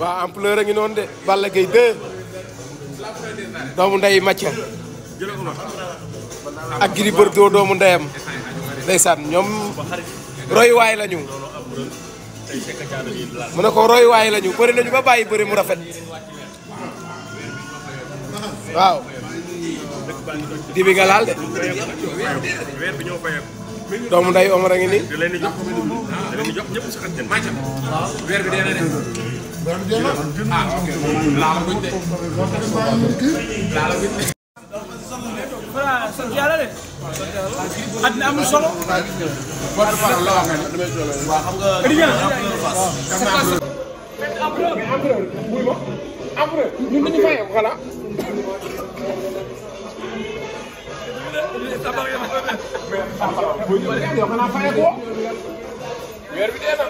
waa ampleur a ngi noonu de Balla Gaye 2 doomu ndey Mathia ak Gris Bordeaux doomu ndeyam ndeysaan ñoom roy waay lañu mu ne ko roy waay lañu bëri nañu ba bàyyi bëri mu rafet waaw di bi nga de doomu ndey Omar a ngi nii ah ok laala buñ de. laala buñ de. voilà sant yàlla de. àddina amul solo. waaw xam nga. li ngeen ñun dañu fayam voilà. mais xam nga. boo ñëwee yow xanaa fayakoo. weer bi dee na.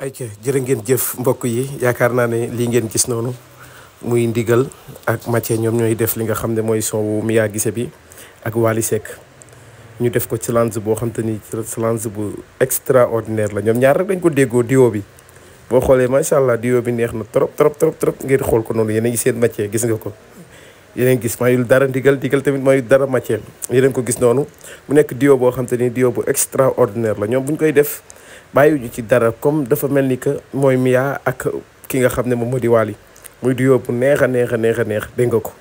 ayca jërë ngeen jëf mbokk yi yaakaar naa ne lii ngeen gis noonu muy ndigal ak Mathieu ñoom ñooy def li nga xam ne mooy soowu Mia Guissé bi ak Wally Seck ñu def ko ci langue boo xam te ni langue bu extraordinaire la ñoom ñaar rek dañ ko déggoo duo bi boo xoolee macha allah duo bi neex na trop trop trop trop ngeen xool ko noonu yéen a ngi seen gis nga ko. yéen gis mayul dara ndigal ndigal tamit mayul dara Mathieu yéen ko gis noonu mu nekk duo boo xam te ni duo bu extraordinaire la ñoom bu koy def bàyyiwuñu ci dara comme dafa mel ni que mooy Mia ak ki nga xam ne moom moo di Wally muy duo bu neex a neex a a neex dégg nga ko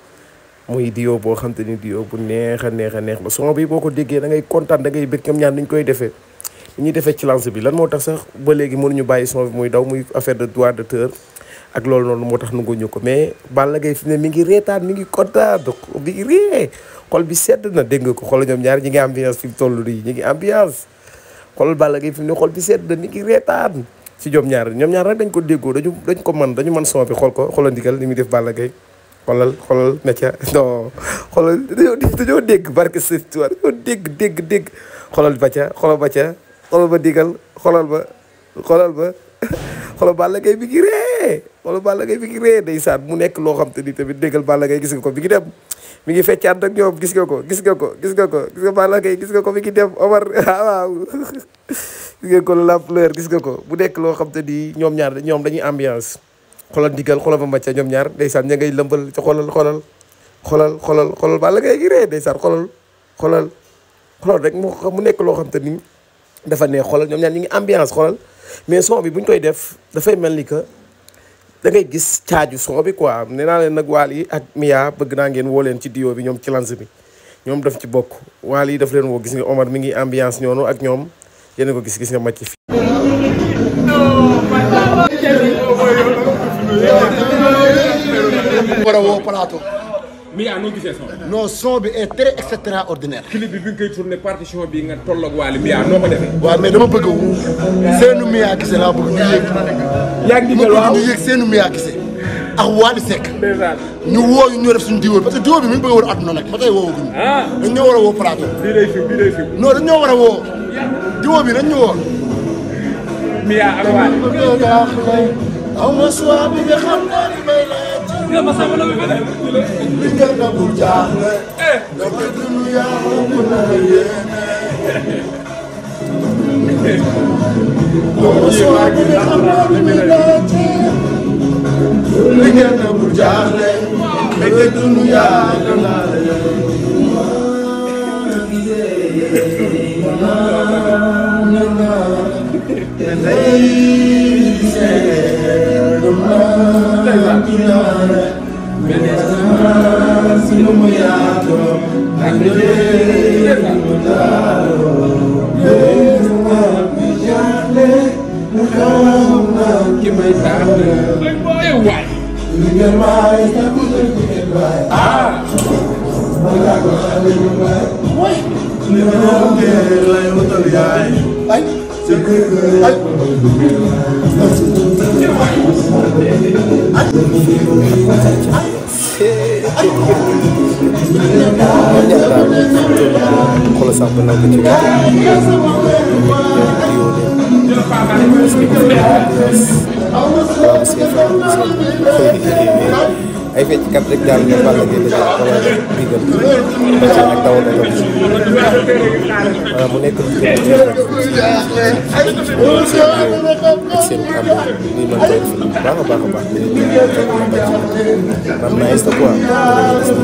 muy duo boo xam te ni bu neex a neex a neex ba son bi boo ko déggee da ngay kontaan da ngay bëgg ñoom ñaar ni ñu koy defee ni ñuy defee ci bi lan moo tax sax ba léegi mënuñu bàyyi son bi daw muy affaire de droit d'auteur ak loolu noonu moo tax nanguñu ko mais Balla Gaye fi ne mi ngi reetaan mi ngi kontaan mi ngi bi sedd na dégg nga ko xool ñoom ñaar ñi ngi ambiance fi mu toll nii ñi ngi ambiance xool Balla Gaye fi mu ne xol bi sedd na mi ngi reetaan si ñoom ñaar ñoom ñaar rek dañ ko déggoo dañu dañ ko man dañu man son bi xool ko xoolal ndigal li muy def Balla Gaye xoolal xoolal métier non xoolal dañoo dañoo dégg barke Sëriñ Tuubaa dañoo dégg dégg dégg xoolal ba ca xoolal ba ca xoolal ba digal xoolal ba xoolal ba xoolal Balla Gaye bi ngi ree xoolal Balla Gaye bi ngi ree ndeysaan mu nekk loo xam te ni tamit déggal Balla Gaye gis nga ko bi ngi dem mi ngi feccaat ak ñoom gis nga ko gis ko gis ko gis nga gis nga ko mi ngi dem Omar ah, waaw gis nga la fleur gis nga ko bu nekk loo xam te ni ñoom ñaar ñoom dañuy ambiance xoolal ndigal xoolal ba macca ñoom ñaar ndeysaan ña ngay lëmbal ci xoolal xoolal xoolal xoolal xoolal Balla Gaye gi ree ndeysaan xoolal xoolal xoolal rek mu mu nekk loo xam te ni dafa neex xoolal ñoom ñaar ñi ngi ambiance xoolal mais son bi bu buñ koy def dafay mel ni que da ngay gis caaju son bi quoi nee naa leen nag waal yi ak Mia bëgg naa ngeen woo leen ci duo bi ñoom ci lans bi ñoom daf ci bokk waal yi daf leen woo gis nga Omar mi ngi ambiance ñoonu ak ñoom yéen ko gis gis nga màcc fi war mais yaa noo gisee son bi. non son bi est très extraordinaire. clip bi bi nga koy tourné partition bi nga toll ak Wally Mia noo ko defee. waaw mais dama laa bëgg ñu yëg. yaa ngi ñu yëg seenu Mia Guissé ak Wally ñu woo ñu def suñu diwoo parce que diwoo bi mi ngi bëgg a war a àdduna nag ba tey woo wuñu. Ah. dañ ñoo war a woo bi dañ ñu woo. aw ma suwaa bi nga xam naa li may laaj. nga ma sàmm nag li eh. nga nabu jaaxle. nga bëgg lu yàlla mun na yéene. aw ma suwaa bi nga xam naa li may laaj. li nga nabu jaaxle. nga bëgg lu yàlla mun na yéene. Ay. xoolal sax ba nangu ci gàtt yi ñu ngi ay fecckat rek daal ñoom Balla Gaye la jël wala digal macha allah dawal na loolu voilà mu nekk lu gën a jeex rek seen am ni man koy def bu baax a baax a baax ñu ne man naa est quoi gis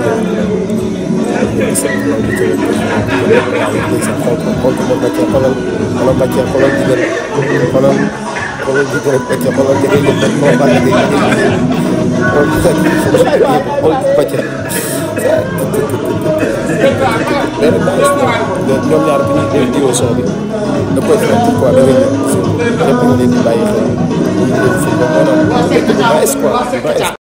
nga xool xool xool Bacir benn bàyyi si ñoom ñaar bi ñu dee diwoo son bi da koy faral di quoi da ngay ñëw ñëpp ñu leen di bàyyi xel ñu leen di bàyyi quoi